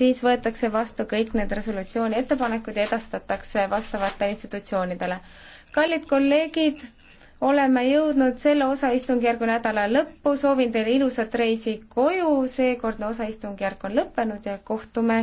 siis võetakse vastu kõik need resolutsiooni ettepanekud ja edastatakse vastavatele institutsioonidele. kallid kolleegid, oleme jõudnud selle osa istungjärgu nädala lõppu, soovin teile ilusat reisi koju, seekordne osa istungjärk on lõppenud ja kohtume